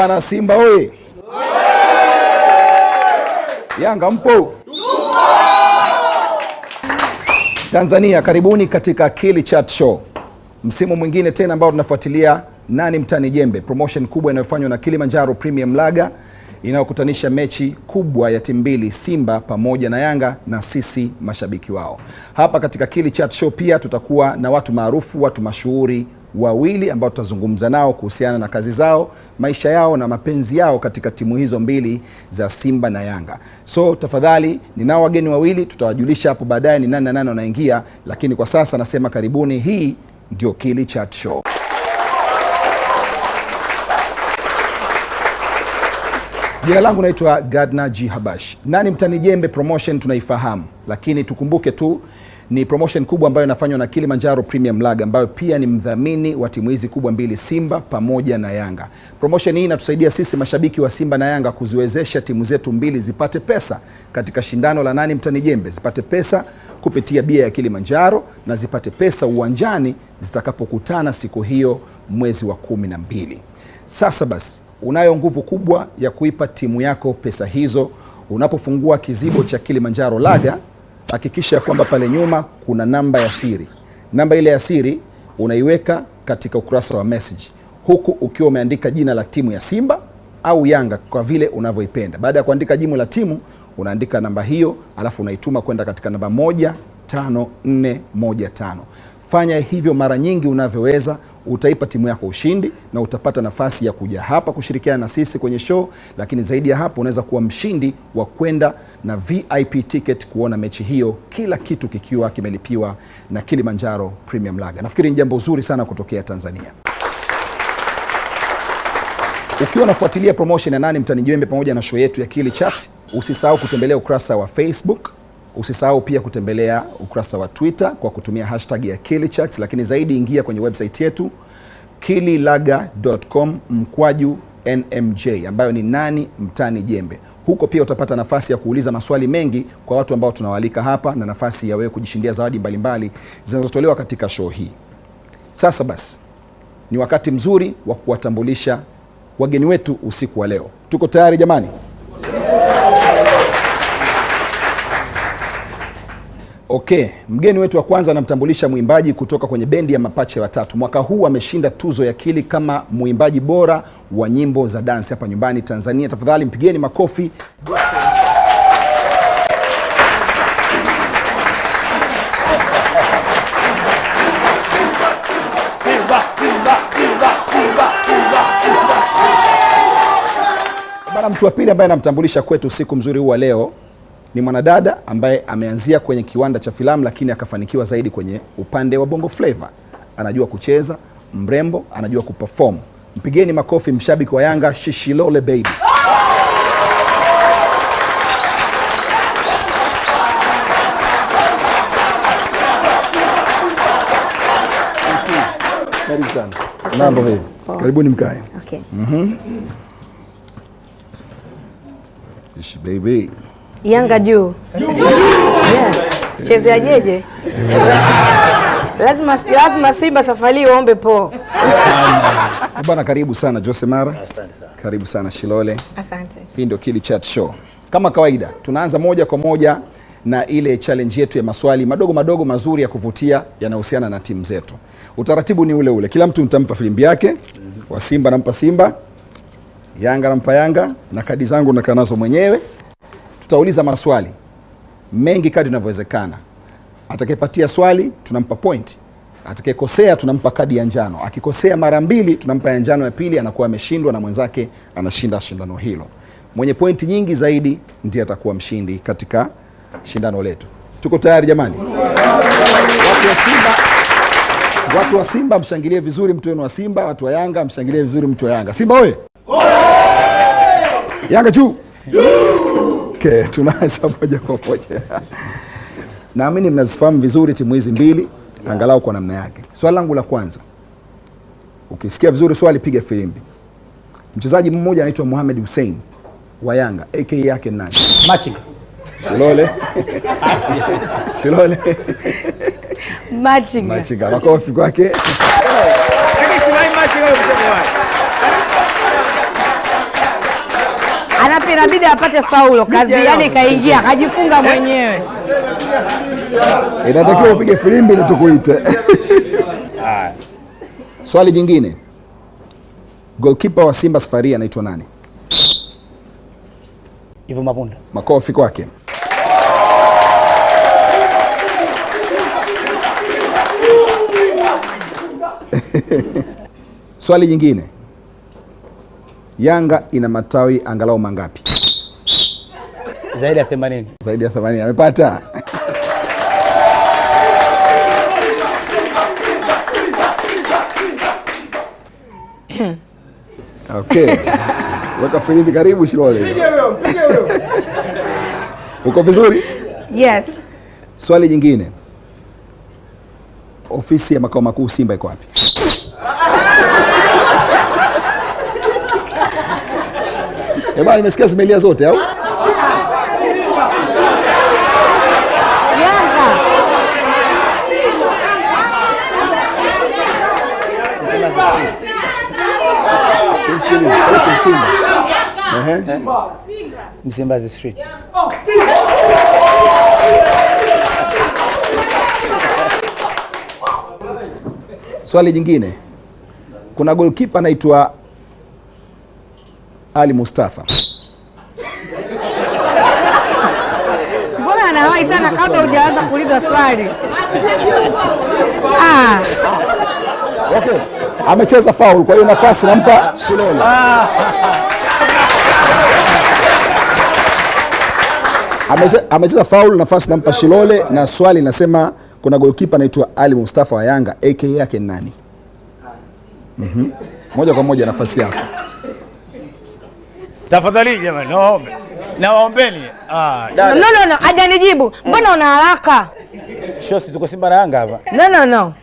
Bwana Simba oye! Yanga mpo? Tanzania, karibuni katika Kili Chat Show, msimu mwingine tena ambao tunafuatilia nani mtani jembe, promotion kubwa inayofanywa na Kilimanjaro Premium Laga inayokutanisha mechi kubwa ya timu mbili Simba pamoja na Yanga na sisi mashabiki wao. Hapa katika Kili Chat Show pia tutakuwa na watu maarufu, watu mashuhuri, wawili ambao tutazungumza nao kuhusiana na kazi zao, maisha yao na mapenzi yao katika timu hizo mbili za Simba na Yanga. So tafadhali, ninao wageni wawili, tutawajulisha hapo baadaye ni nani na nani wanaingia, lakini kwa sasa nasema karibuni. Hii ndio Kili Chat Show. Jina langu naitwa Gardner G Habash. Nani mtanijembe promotion tunaifahamu, lakini tukumbuke tu ni promotion kubwa ambayo inafanywa na Kilimanjaro Premium Lager ambayo pia ni mdhamini wa timu hizi kubwa mbili Simba pamoja na Yanga. Promotion hii inatusaidia sisi mashabiki wa Simba na Yanga kuziwezesha timu zetu mbili zipate pesa katika shindano la nani mtani jembe, zipate pesa kupitia bia ya Kilimanjaro na zipate pesa uwanjani zitakapokutana siku hiyo mwezi wa kumi na mbili. Sasa basi unayo nguvu kubwa ya kuipa timu yako pesa hizo unapofungua kizibo cha Kilimanjaro Lager hakikisha ya kwamba pale nyuma kuna namba ya siri. Namba ile ya siri unaiweka katika ukurasa wa message, huku ukiwa umeandika jina la timu ya Simba au Yanga kwa vile unavyoipenda. Baada ya kuandika jina la timu unaandika namba hiyo, alafu unaituma kwenda katika namba moja tano nne moja tano. Fanya hivyo mara nyingi unavyoweza, utaipa timu yako ushindi na utapata nafasi ya kuja hapa kushirikiana na sisi kwenye show, lakini zaidi ya hapo unaweza kuwa mshindi wa kwenda na VIP ticket kuona mechi hiyo, kila kitu kikiwa kimelipiwa na Kilimanjaro Premium Laga. Nafikiri ni jambo zuri sana kutokea Tanzania. Ukiwa unafuatilia promotion ya Nani Mtani Jembe pamoja na show yetu ya Kili Chat, usisahau kutembelea ukurasa wa Facebook Usisahau pia kutembelea ukurasa wa Twitter kwa kutumia hashtag ya KiliCharts, lakini zaidi ingia kwenye website yetu kililaga.com mkwaju NMJ ambayo ni nani mtani jembe. Huko pia utapata nafasi ya kuuliza maswali mengi kwa watu ambao tunawaalika hapa na nafasi ya wewe kujishindia zawadi mbalimbali zinazotolewa katika show hii. Sasa basi, ni wakati mzuri wa kuwatambulisha wageni wetu usiku wa leo. Tuko tayari jamani? Okay, mgeni wetu wa kwanza anamtambulisha mwimbaji kutoka kwenye bendi ya Mapache Watatu. Mwaka huu ameshinda tuzo ya Kili kama mwimbaji bora wa nyimbo za dansi hapa nyumbani Tanzania. Tafadhali mpigeni makofi. Bana, mtu wa pili ambaye anamtambulisha kwetu usiku mzuri huu wa leo ni mwanadada ambaye ameanzia kwenye kiwanda cha filamu, lakini akafanikiwa zaidi kwenye upande wa Bongo Flava. Anajua kucheza, mrembo, anajua kuperform. Mpigeni makofi mshabiki wa Yanga Shishilole Baby. Mambo vipi? Karibuni mkae. Okay. Mhm. Shishi baby. Yanga mm. juu. Yes. Chezea jeje. Lazima lazima Simba safari waombe po. Bwana, karibu sana Jose Mara. Asante sana. Karibu sana Shilole. Asante. Hii ndio Kili Chat Show. Kama kawaida tunaanza moja kwa moja na ile challenge yetu ya maswali madogo madogo mazuri ya kuvutia yanayohusiana na timu zetu. Utaratibu ni ule ule, kila mtu nitampa filimbi yake. Mhm. Wa Simba nampa Simba, Yanga nampa Yanga, na kadi zangu nakaa nazo mwenyewe tutauliza maswali mengi kadi inavyowezekana. Atakayepatia swali tunampa point, atakayekosea tunampa kadi ya njano. Akikosea mara mbili tunampa ya njano ya pili, anakuwa ameshindwa na mwenzake anashinda shindano hilo. Mwenye pointi nyingi zaidi ndiye atakuwa mshindi katika shindano letu. Tuko tayari jamani? Watu wa Simba, watu wa Simba mshangilie vizuri mtu wenu wa Simba. Watu wa Yanga mshangilie vizuri mtu wa Yanga. Simba oye! Yanga juu! Okay, tunaanza moja kwa moja naamini mnazifahamu vizuri timu hizi mbili yeah, angalau kwa namna yake. Swali langu la kwanza, ukisikia vizuri swali piga filimbi. Mchezaji mmoja anaitwa Mohamed Hussein wa Yanga, AK yake nani? Machinga. Shilole. Shilole. Machinga. Machinga. Makofi kwake. Mwalimu inabidi apate faulo kazi, yani kaingia kajifunga eh? mwenyewe. Inatakiwa upige filimbi ndio tukuite. Swali jingine, golkipa wa Simba safari anaitwa nani? Hivyo Mabunda, Makofi kwake. Swali jingine Yanga ina matawi angalau mangapi? Zaidi ya 80. Zaidi ya 80. Amepata. Okay. Weka filimbi karibu Shilole. Piga huyo, piga huyo. Uko vizuri? Yes. Swali jingine. Ofisi ya makao makuu Simba iko wapi? Eh bwana, nimesikia zimelia zote au? Msimbazi Street. Swali jingine, kuna golkipa anaitwa ali Mustafa. Mbona anawahi sana kabla hujaanza kuuliza swali? Ah. Okay. Amecheza faul, kwa hiyo nafasi nampa Shilole. Amecheza faul, nafasi nampa Shilole, na swali nasema kuna goalkeeper anaitwa Ali Mustafa wa Yanga, AK yake ni nani? Mhm. Moja kwa moja nafasi yako. Tafadhali jamani, naombe nawaombeni. Ah, dada no, no, no, hajanijibu. Mbona una haraka? Shosi, tuko Simba na Yanga hapa. No, no, no.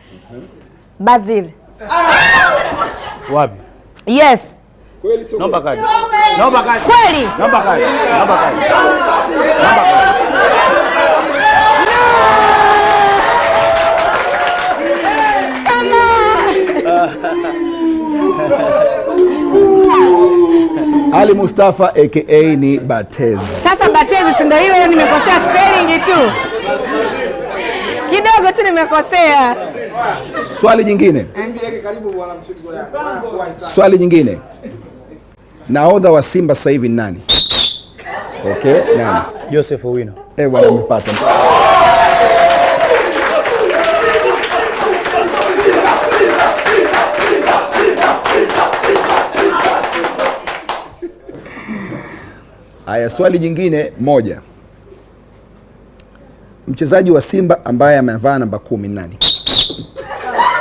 Brazil. wapi? Yes. Kweli, Naomba kaje. Naomba kaje. Kweli. Naomba kaje. Naomba kaje. Naomba kaje. Ali Mustafa aka ni Batezi. Sasa Batezi si ndio hiyo? Nimekosea spelling tu kidogo tu, nimekosea. Swali jingine, swali nyingine. Nahodha wa Simba sasa hivi nani? Okay, nani? Joseph Owino. Eh, bwana umepata. Haya, swali jingine moja, mchezaji wa Simba ambaye amevaa namba kumi nani?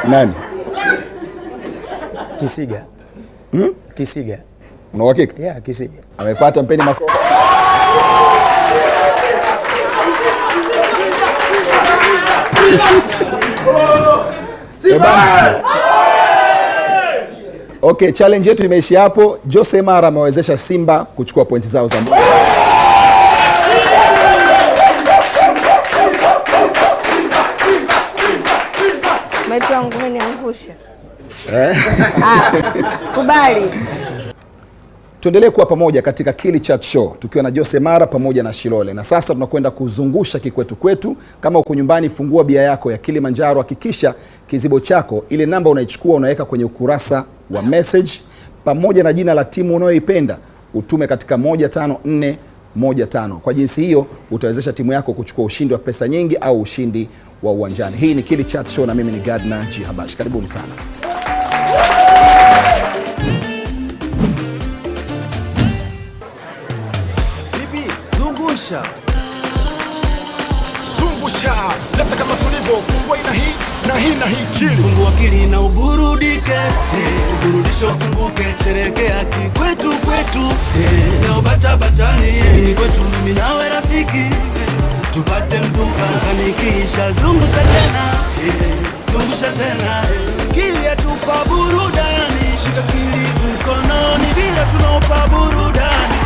Nani? Kisiga. Hmm? Kisiga. Una uhakika? Yeah, Kisiga. Amepata, mpeni makofi. Eh, Okay, challenge yetu imeishi hapo. Jose Mara amewezesha Simba kuchukua pointi zao za mwisho. Mimi niangusha. Eh? Ah, sikubali. Tuendelee kuwa pamoja katika Kili Chat Show tukiwa na Jose Mara pamoja na Shilole, na sasa tunakwenda kuzungusha kikwetu kwetu. Kama uko nyumbani, fungua bia yako ya Kilimanjaro, hakikisha kizibo chako, ile namba unaichukua unaweka kwenye ukurasa wa message pamoja na jina la timu unayoipenda utume katika 15415. Kwa jinsi hiyo utawezesha timu yako kuchukua ushindi wa pesa nyingi au ushindi wa uwanjani. Hii ni Kili Chat Show na mimi ni Gardner G karibuni sana. zungusha zungusha, leta kama tulivyo, fungua ina hii na hii na hii kili, fungua akili na uburudike, hey, eh. uburudisho ufunguke, sherekea kikwetu kwetu, hey, eh. na bata batani, hey, eh. kwetu mimi nawe rafiki, hey, tupate mzuka sanikisha, zungusha tena, hey, zungusha tena, hey, kili atupa burudani, shika kili mkononi, vira tunaopa burudani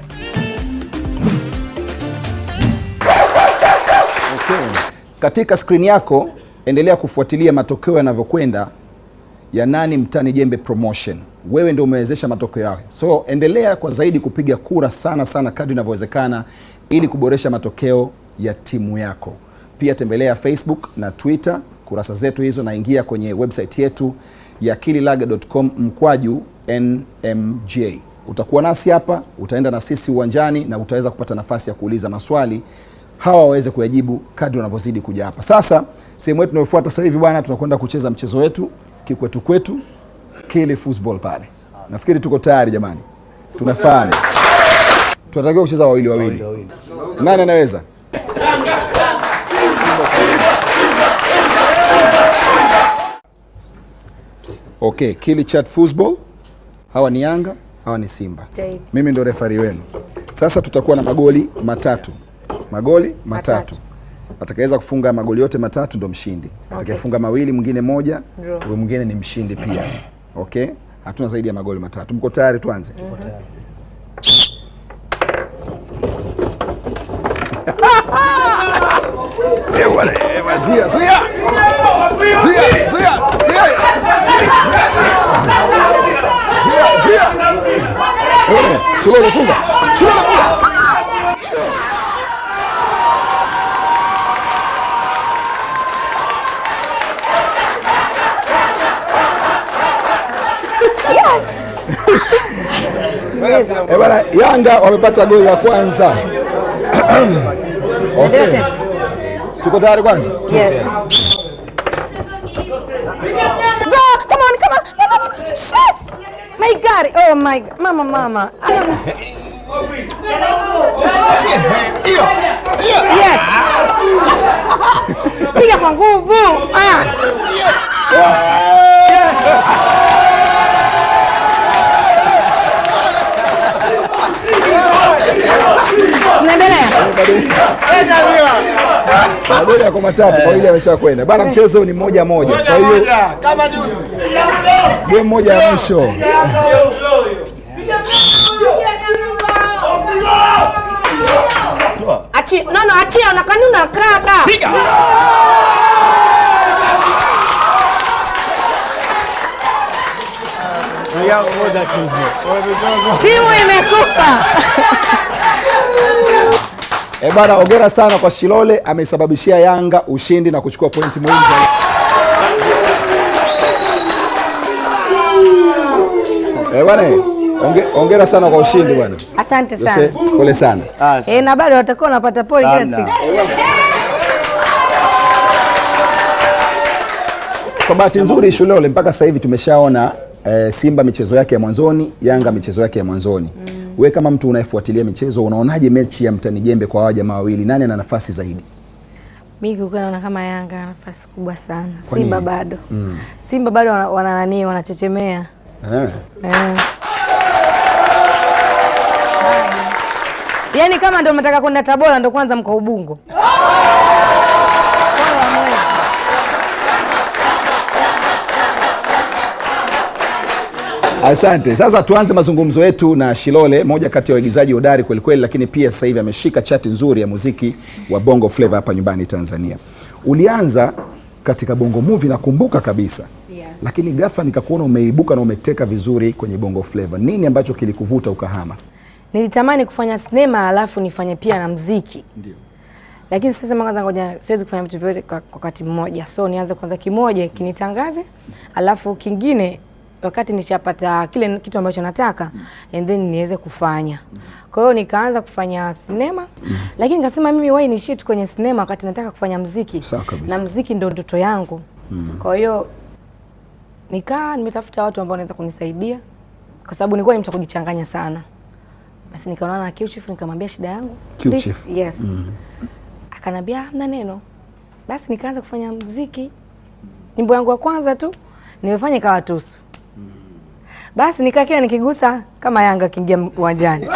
Katika skrini yako endelea kufuatilia matokeo yanavyokwenda ya Nani mtani Jembe Promotion. Wewe ndio umewezesha matokeo yao, so endelea kwa zaidi kupiga kura sana sana kadri inavyowezekana, ili kuboresha matokeo ya timu yako. Pia tembelea Facebook na Twitter kurasa zetu hizo, na ingia kwenye website yetu ya kililaga.com mkwaju NMJ. Utakuwa nasi hapa, utaenda na sisi uwanjani na utaweza kupata nafasi ya kuuliza maswali hawa waweze kuyajibu kadri wanavyozidi kuja hapa. Sasa sehemu yetu tunayofuata sasa hivi bwana, tunakwenda kucheza mchezo wetu kikwetu kwetu kile football pale. Nafikiri tuko tayari jamani, tunafahamu tunatakiwa kucheza wawili wawili. Nani anaweza? Okay, kili chat football. Hawa ni Yanga, hawa ni Simba. Mimi ndo refari wenu. Sasa tutakuwa na magoli matatu magoli matatu, matatu. kufunga magoli yote matatu ndo mshindi. Atakayefunga okay. mawili mwingine moja, huyo mwingine ni mshindi pia. Okay? Hatuna zaidi ya magoli matatu. Mko tayari? Tuanze. Tuko mhm. tayari. Eh, zuia, zuia. Zuia, zuia. Zuia, zuia. Eh bwana, Yanga wamepata goli ya kwanza. Okay. Tuko tayari kwanza? Yes. My God. Oh my God. Mama, mama. Hiyo. magoli kwa matatu kwa mawili amesha kwenda bana. Mchezo ni moja moja, kwa hiyo game moja ya mwisho achia na kanuna piga timu imekufa. E bwana, hongera sana kwa Shilole, amesababishia Yanga ushindi na kuchukua pointi muhimu E bwana, hongera sana kwa ushindi bwana. Asante sana. Pole ah, sana. Eh, na bado watakuwa wanapata pole kila siku. Kwa bahati nzuri Shilole mpaka sasa hivi tumeshaona eh, Simba michezo yake ya mwanzoni, Yanga michezo yake ya mwanzoni mm we kama mtu unayefuatilia michezo unaonaje mechi ya mtani jembe kwa hawa jamaa wawili, nani ana nafasi zaidi? Mimi kiukana na kama Yanga nafasi kubwa sana. Simba bado mm. Simba bado wana, nani wanachechemea eh. Eh. Yaani kama ndio mnataka kwenda Tabora ndio kwanza mko Ubungo ah! Asante. Sasa tuanze mazungumzo yetu na Shilole, moja kati ya waigizaji hodari kweli kweli, lakini pia sasa hivi ameshika chati nzuri ya muziki wa Bongo Flava hapa nyumbani Tanzania. Ulianza katika Bongo Movie nakumbuka kabisa yeah. Lakini ghafla nikakuona umeibuka na umeteka vizuri kwenye Bongo Flava. Nini ambacho kilikuvuta ukahama? Nilitamani kufanya sinema alafu nifanye pia na mziki. Ndio. Lakini sasa mwanza ngoja siwezi kufanya vitu vyote kwa wakati mmoja. So nianze kwanza kimoja kinitangaze alafu kingine wakati nishapata kile kitu ambacho nataka mm. and then niweze kufanya. mm. Kwa hiyo nikaanza kufanya sinema mm. Lakini nikasema mimi why ni shit kwenye sinema wakati nataka kufanya mziki na mziki ndo ndoto yangu mm. Kwa hiyo nikaa nimetafuta watu ambao wanaweza kunisaidia kwa sababu nilikuwa ni mtu kujichanganya sana. Basi nikaona na Q-Chief nikamwambia shida yangu. Q-Chief. Yes. Mm. Akanambia hamna neno. Basi nikaanza kufanya mziki. Nyimbo yangu ya kwanza tu nimefanya ikawa tusu basi nikaa kila nikigusa kama Yanga akiingia uwanjani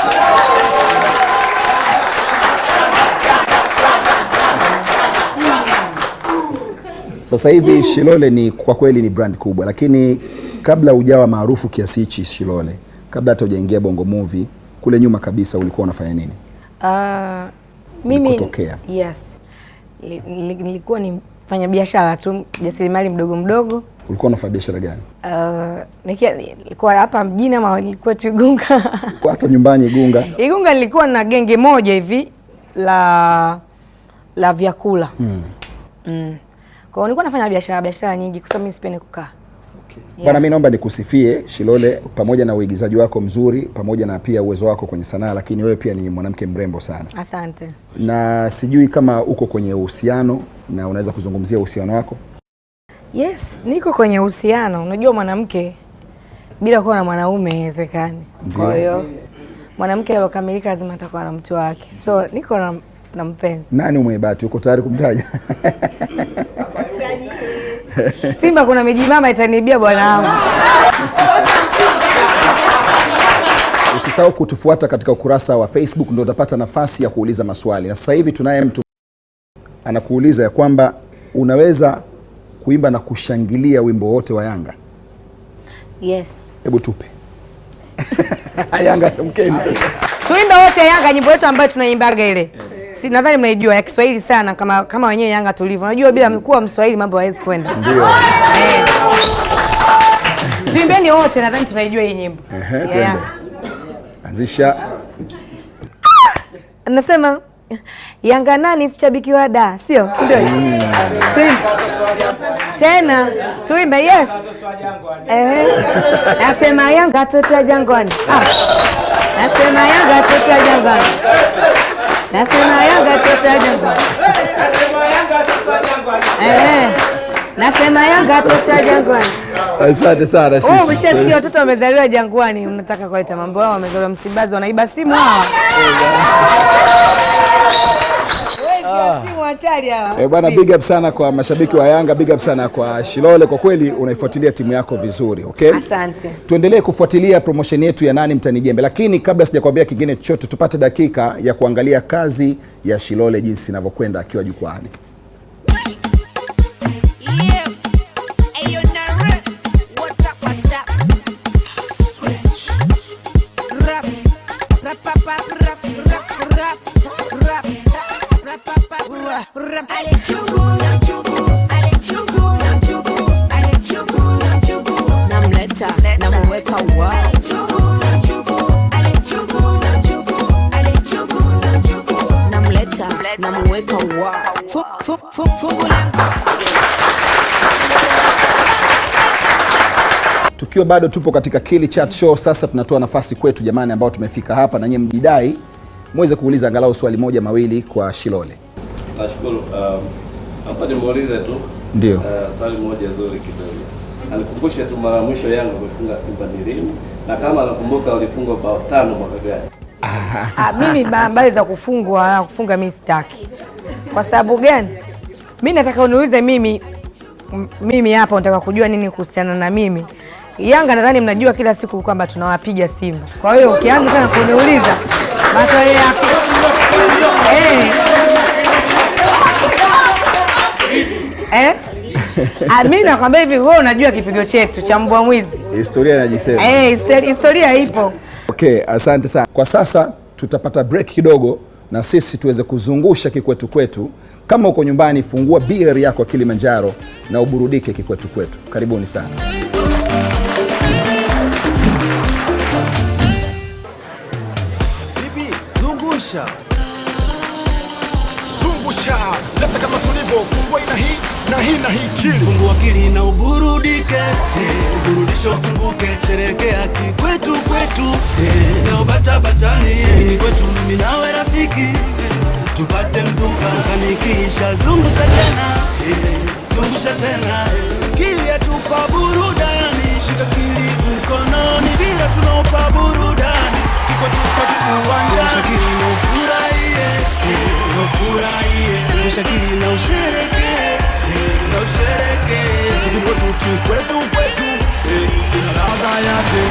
Sasa hivi Shilole ni kwa kweli ni brand kubwa, lakini kabla hujawa maarufu kiasi hichi Shilole, kabla hata hujaingia Bongo Movie, kule nyuma kabisa ulikuwa unafanya nini? Uh, mimi, yes, nilikuwa ni fanya biashara tu, jasiriamali mdogo mdogo. Ulikuwa unafanya biashara gani? Uh, nilikuwa hapa mjini ama nilikuwa tu Igunga hata nyumbani Igunga. Igunga nilikuwa na genge moja hivi la la vyakula hmm. Mm. Kwa hiyo nilikuwa nafanya biashara biashara nyingi, kwa sababu mimi sipendi kukaa Bwana yeah. Mimi naomba nikusifie Shilole, pamoja na uigizaji wako mzuri, pamoja na pia uwezo wako kwenye sanaa, lakini wewe pia ni mwanamke mrembo sana. Asante. Na sijui kama uko kwenye uhusiano na unaweza kuzungumzia uhusiano wako? Yes, niko kwenye uhusiano. Unajua mwanamke bila kuwa na mwanaume haiwezekani. Kwa hiyo mwanamke aliyokamilika lazima atakuwa na mtu wake, so niko na, na mpenzi. Nani umwebati? Uko tayari kumtaja? Simba kuna mama itanibia bwana wangu. Usisahau kutufuata katika ukurasa wa Facebook, ndio utapata nafasi ya kuuliza maswali. Na sasa hivi tunaye mtu anakuuliza ya kwamba unaweza kuimba na kushangilia wimbo wote wa Yanga. Yes. Hebu tupe Yanga mkeni. Tuimbe wote Yanga, nyimbo yetu ambayo tunaimbaga ile si nadhani mnaijua ya Kiswahili sana kama kama wenyewe Yanga tulivyo. Unajua bila mkuu Mswahili mambo hayawezi kwenda. Ndio. Eh. Tuimbeni wote, nadhani tunaijua hii nyimbo. Yeah. Anzisha. Nasema Yanga nani shabiki wa da, sio? ndio? Tuimbe. Tena tuimbe, yes. Eh. Nasema Yanga toto jangwani. Ah. Nasema Yanga toto jangwani. Nasema Yanga tosa Jangwani, nasema Yanga tota Jangwani. Asante sana oh, shushu. Umeshasikia watoto wamezaliwa Jangwani, unataka kuleta mambo yao, wamezaliwa Msimbazi, wanaiba simu hawa. Eh, bwana, big up sana kwa mashabiki wa Yanga, big up sana kwa Shilole, kwa kweli unaifuatilia timu yako vizuri okay? Asante. Tuendelee kufuatilia promotion yetu ya nani mtani jembe, lakini kabla sijakwambia kingine chochote, tupate dakika ya kuangalia kazi ya Shilole jinsi inavyokwenda akiwa jukwaani. tukiwa bado tupo katika Kili Chat Show. Sasa tunatoa nafasi kwetu jamani, ambao tumefika hapa na nyie mjidai, muweze kuuliza angalau swali moja mawili kwa Shilole. Nashukuru. Um, hapa nimuulize tu ndio uh, swali moja zuri kidogo, anikumbushe tu mara mwisho yangu amefunga Simba ni lini, na kama anakumbuka walifungwa bao tano mwaka gani? Ah. Ah, mimi habari za kufungwa kufunga mimi sitaki. Kwa sababu gani? Mi nataka uniulize mimi mimi hapa, nataka kujua nini kuhusiana na mimi Yanga. Nadhani mnajua kila siku kwamba tunawapiga Simba, kwa hiyo ukianza sana kuniuliza maswali yako eh. eh? Ah, mimi nakwambia hivi, wewe unajua kipigo chetu cha mbwa mwizi, historia inajisema eh, historia ipo. Okay, asante sana. Kwa sasa tutapata break kidogo, na sisi tuweze kuzungusha kikwetu kwetu. Kama uko nyumbani, fungua beer yako ya Kilimanjaro na uburudike kikwetu kwetu. Karibuni sana. zungusha. Zungusha. Leta kama tulivyo, fungua ina hii na hii na hii kili fungua akili na uburudike, uburudisho eh. ufunguke, sherekea kikwetu kwetu eh. na ubata batani eh. ni kwetu, mimi nawe rafiki, tupate mzuka fanikisha, zungusha tena, zungusha tena, kili yatupa burudani, shika kili mkononi, bila tunaupa burudani, uwanjani, ufurahie, ufurahie, zungusha kili na usherekee na usherekee siku tuki kwetu kwetu, ina ladha yake.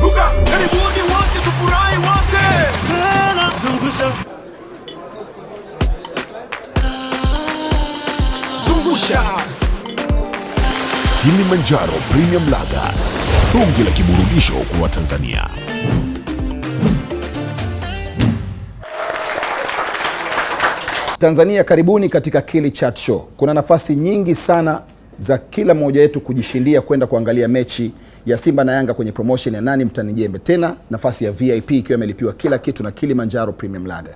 Ruka, karibuni wote tufurahi wote, zungusha zungusha. Kilimanjaro Premium Lager, tungi la kiburudisho kwa tanzania Tanzania, karibuni katika Kili Chat Show. Kuna nafasi nyingi sana za kila mmoja wetu kujishindia kwenda kuangalia mechi ya Simba na Yanga kwenye promotion ya nani mtanijembe, tena nafasi ya VIP ikiwa imelipiwa kila kitu na Kilimanjaro Premium Lager.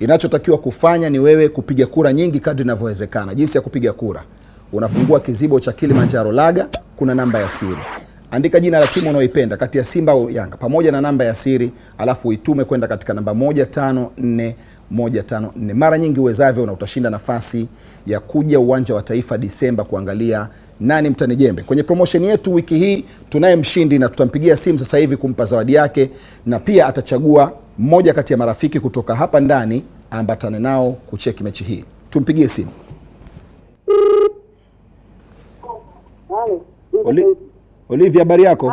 Inachotakiwa kufanya ni wewe kupiga kura nyingi kadri inavyowezekana. Jinsi ya kupiga kura, unafungua kizibo cha Kilimanjaro Lager, kuna namba ya siri Andika jina la timu unayoipenda kati ya Simba au Yanga pamoja na namba ya siri, alafu uitume kwenda katika namba moja tano nne 154 mara nyingi uwezavyo, na utashinda nafasi ya kuja uwanja wa Taifa Disemba kuangalia nani mtani jembe. Kwenye promotion yetu wiki hii tunaye mshindi na tutampigia simu sasa hivi kumpa zawadi yake, na pia atachagua mmoja kati ya marafiki kutoka hapa ndani ambatane nao kucheki mechi hii. Tumpigie simu. Oli, Olivia, habari yako?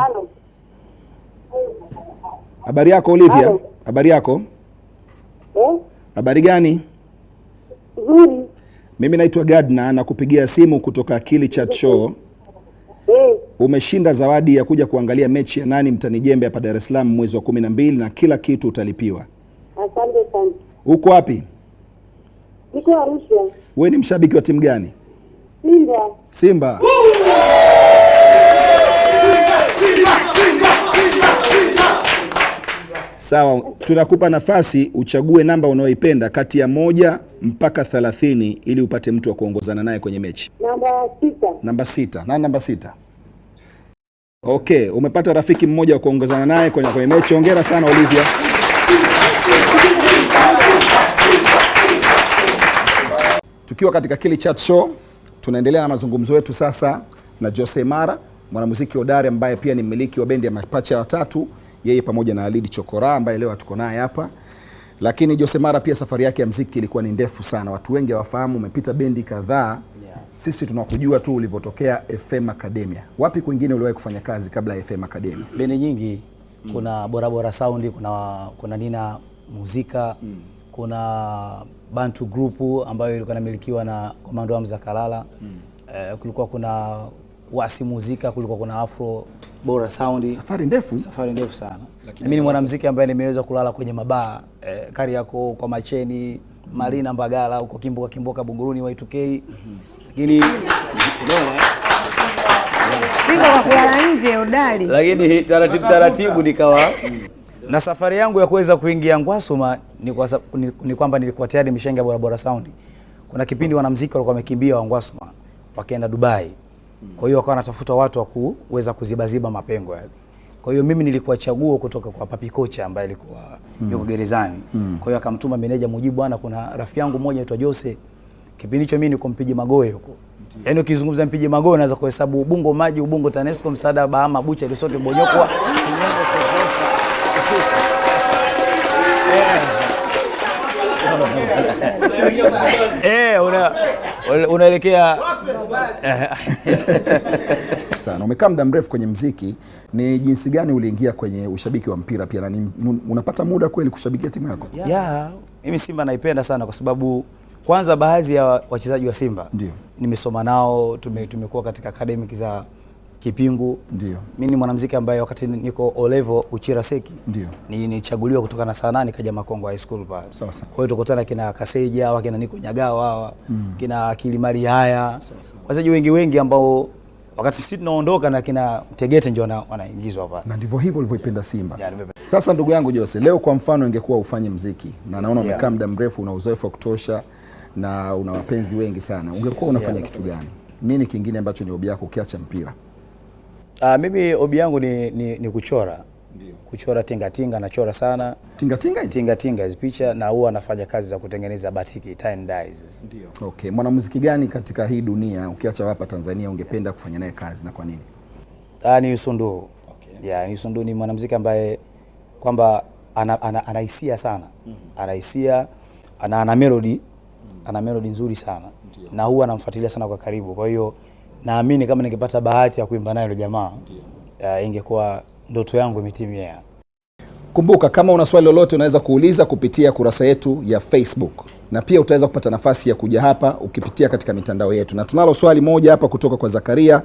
Habari yako Olivia, habari yako eh? Habari gani? Mm. Mimi naitwa Gadna na kupigia simu kutoka Akili Chat Show. Mm. Umeshinda zawadi ya kuja kuangalia mechi ya nani mtanijembe hapa Dar es Salaam mwezi wa kumi na mbili na kila kitu utalipiwa. Asante sana. Uko wapi? Niko Arusha. Wewe ni mshabiki wa timu gani? Simba. Simba. Sawa, tunakupa nafasi uchague namba unaoipenda kati ya moja mpaka thelathini ili upate mtu wa kuongozana naye kwenye mechi. Namba sita. Namba sita. Na namba sita. Okay, umepata rafiki mmoja wa kuongozana naye kwenye, kwenye mechi. Hongera sana Olivia. Tukiwa katika Kili Chat Show tunaendelea na mazungumzo yetu sasa na Jose Mara, mwanamuziki hodari ambaye pia ni mmiliki wa bendi ya Mapacha Watatu yeye pamoja na Alidi Chokora ambaye leo tuko naye hapa. Lakini Jose Mara pia safari yake ya mziki ilikuwa ni ndefu sana, watu wengi hawafahamu, umepita bendi kadhaa yeah. Sisi tunakujua tu ulipotokea FM Academia. Wapi kwingine uliwahi kufanya kazi kabla ya FM Academia? Bendi nyingi mm. kuna Borabora Sound, kuna kuna Nina Muzika mm. kuna Bantu Group ambayo ilikuwa inamilikiwa na Komando Hamza Kalala mm. eh, kulikuwa kuna wasimuzika kuliko kuna Afro Bora Sound. Safari ndefu, safari ndefu sana. Na mimi ni mwanamuziki ambaye nimeweza kulala kwenye mabaa eh, yako kwa Macheni, Marina Mbagala, huko Kimboka Kimboka Buguruni Y2K. Lakini lakini taratibu taratibu nikawa na safari yangu ya kuweza kuingia Ngwasuma ni kwamba ni, ni kwamba nilikuwa tayari nimeshaingia Bora Bora Sound. Kuna kipindi wanamuziki walikuwa wamekimbia wa Ngwasuma wakaenda Dubai. Kwa hiyo wakawa anatafuta watu wa kuweza kuzibaziba mapengo yale. Kwa hiyo mimi nilikuwa chaguo kutoka kwa Papi Kocha ambaye alikuwa mm. yuko gerezani mm. kwa hiyo akamtuma meneja Mujibu, bwana, kuna rafiki yangu mmoja anaitwa Jose. Kipindi hicho mimi niko mpige magoe huko, yaani ukizungumza mpige magoe naweza kuhesabu Ubungo Maji, Ubungo TANESCO, Msaada, Bahama, Bucha, Lushoto, Bonyokwa Eh, una unaelekea sana. Umekaa muda mrefu kwenye mziki, ni jinsi gani uliingia kwenye ushabiki wa mpira pia, na unapata muda kweli kushabikia timu yako? Yeah. Yeah, mimi Simba naipenda sana kwa sababu kwanza baadhi ya wachezaji wa Simba ndio nimesoma nao, tumekuwa katika academic za Kipingu ndio. Mimi ni mwanamuziki ambaye wakati niko Olevo Uchira Seki ndio. nichaguliwa kutoka na sanaa nikaja Makongo High School pale. Sawa sawa. Kwa hiyo tukutana kina Kaseja hawa kina Niko Nyagao hawa mm. kina Kilimali haya. sawa. wengi wengi ambao wakati sisi tunaondoka na kina Tegete ndio wanaingizwa hapa. Na ndivyo hivyo ulivyoipenda Simba. Yeah, sasa ndugu yangu Jose, leo kwa mfano ingekuwa ufanye mziki na naona umekaa yeah. muda mrefu una uzoefu wa kutosha na una wapenzi wengi sana. Ungekuwa unafanya yeah, kitu gani? Nini kingine ambacho ni hobi yako ukiacha mpira? Uh, mimi hobi yangu ni, ni, ni kuchora Ndiyo. Kuchora tingatinga, nachora sana tingatinga hizi tinga, tinga, picha na huwa anafanya kazi za kutengeneza batiki time dyes. Ndiyo. Okay, mwanamuziki gani katika hii dunia ukiacha hapa Tanzania ungependa kufanya naye kazi na kwa nini? Ah, ni Yusundu. Okay. Yeah, ni Yusundu ni mwanamuziki ambaye kwamba ana, ana, ana sana mm -hmm. Ana ana, ana melody mm -hmm. Ana melody nzuri sana Ndiyo. Na huwa anamfuatilia sana kwa karibu kwa hiyo naamini kama ningepata bahati ya kuimba naye yule jamaa uh, ingekuwa ndoto yangu imetimia. Kumbuka, kama una swali lolote unaweza kuuliza kupitia kurasa yetu ya Facebook, na pia utaweza kupata nafasi ya kuja hapa ukipitia katika mitandao yetu, na tunalo swali moja hapa kutoka kwa Zakaria,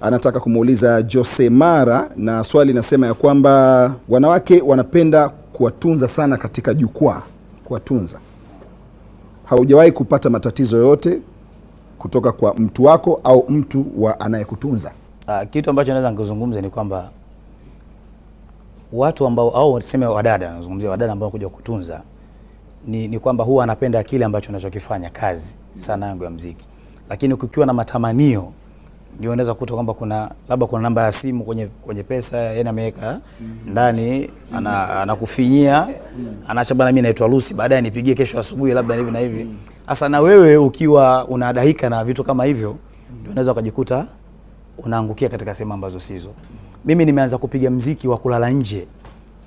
anataka kumuuliza Jose Mara, na swali nasema ya kwamba wanawake wanapenda kuwatunza sana katika jukwaa, kuwatunza. Haujawahi kupata matatizo yoyote kutoka kwa mtu wako au mtu wa anayekutunza? Uh, kitu ambacho naweza nikuzungumza ni kwamba watu ambao au tuseme wadada, nazungumzia wadada ambao kuja kutunza ni, ni kwamba huwa anapenda kile ambacho unachokifanya kazi, sana yangu ya mziki lakini kukiwa na matamanio ndio unaweza kukuta kwamba kuna labda kuna namba ya simu kwenye, kwenye pesa yani ameweka ndani ana, anakufinyia ana anaacha bana, mimi naitwa Lucy, baadaye nipigie kesho asubuhi labda hivi na hivi. Sasa na wewe ukiwa unadahika na vitu kama hivyo, ndio unaweza ukajikuta unaangukia katika sehemu ambazo sizo. Mimi nimeanza kupiga mziki wa kulala nje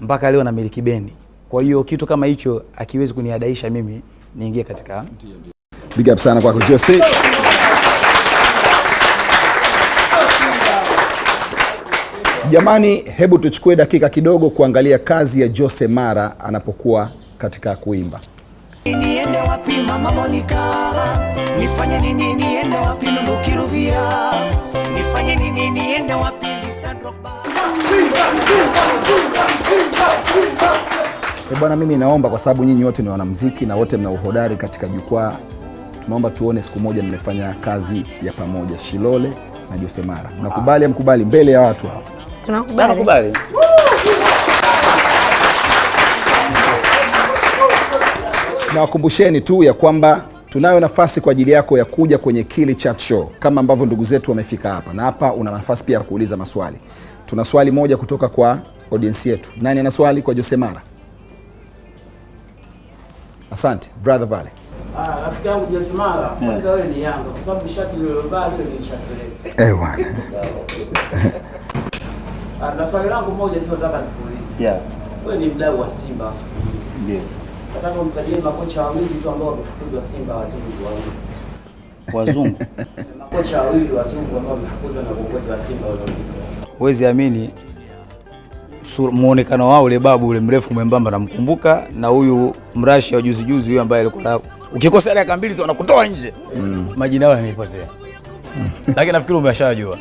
mpaka leo na miliki bendi, kwa hiyo kitu kama hicho akiwezi kuniadaisha mimi niingie katika. Big up sana kwako Jose. Jamani, hebu tuchukue dakika kidogo kuangalia kazi ya Jose Mara anapokuwa katika kuimba. Niende wapi mama Monica? Nifanye nini niende wapi Nifanye nini niende wapi Lisandro? E eh, bwana, mimi naomba kwa sababu nyinyi wote ni wanamuziki na wote mna uhodari katika jukwaa, tunaomba tuone siku moja mmefanya kazi ya pamoja Shilole na Jose Mara. Mnakubali? Mkubali mbele ya watu hapa tunakubali. Nawakumbusheni tu ya kwamba tunayo nafasi kwa ajili yako ya kuja kwenye Kili Chat Show kama ambavyo ndugu zetu wamefika hapa, na hapa una nafasi pia ya kuuliza maswali. Tuna swali moja kutoka kwa audience yetu. Nani ana swali kwa Jose Mara? Asante brother pale. Ah, rafiki yangu Jose Mara, eh. Ah, na swali langu moja tu nataka nikuulize. Yeah. Wewe ni mdau wa Simba siku hii. Ndio. Nataka umtajie makocha wawili tu ambao wamefukuzwa Simba wazungu wawili. Wazungu. Makocha wawili wazungu ambao wamefukuzwa na uongozi wa Simba Huwezi amini muonekano wao ule babu ule mrefu mwembamba namkumbuka, na huyu mrashi wa juzi juzi huyu ambaye alikuwa ukikosa dakika mbili tu anakutoa nje. Mm. Majina yao yanipotea. Lakini nafikiri umeshajua.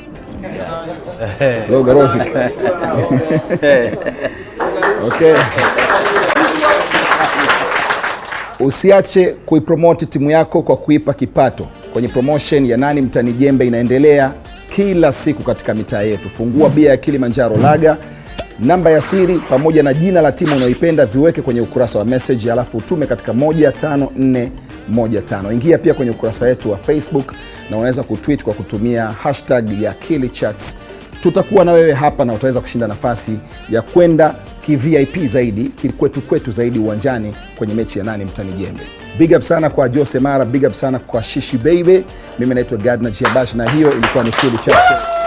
Ugarosi. Okay. Usiache kuipromoti timu yako kwa kuipa kipato. Kwenye promotion ya Nani Mtani Jembe inaendelea kila siku katika mitaa yetu. Fungua bia ya Kilimanjaro Laga, namba ya siri pamoja na jina la timu unayoipenda viweke kwenye ukurasa wa message, alafu utume katika nne 15. Ingia pia kwenye ukurasa wetu wa Facebook na unaweza kutweet kwa kutumia hashtag ya KiliChats. Tutakuwa na wewe hapa na utaweza kushinda nafasi ya kwenda kivip zaidi kikwetu kwetu zaidi uwanjani kwenye mechi ya nane mtani jembe. Big up sana kwa Jose Mara, big up sana kwa Shishi Baby. Mimi naitwa Gadna Jiabash na hiyo ilikuwa ni KiliChats.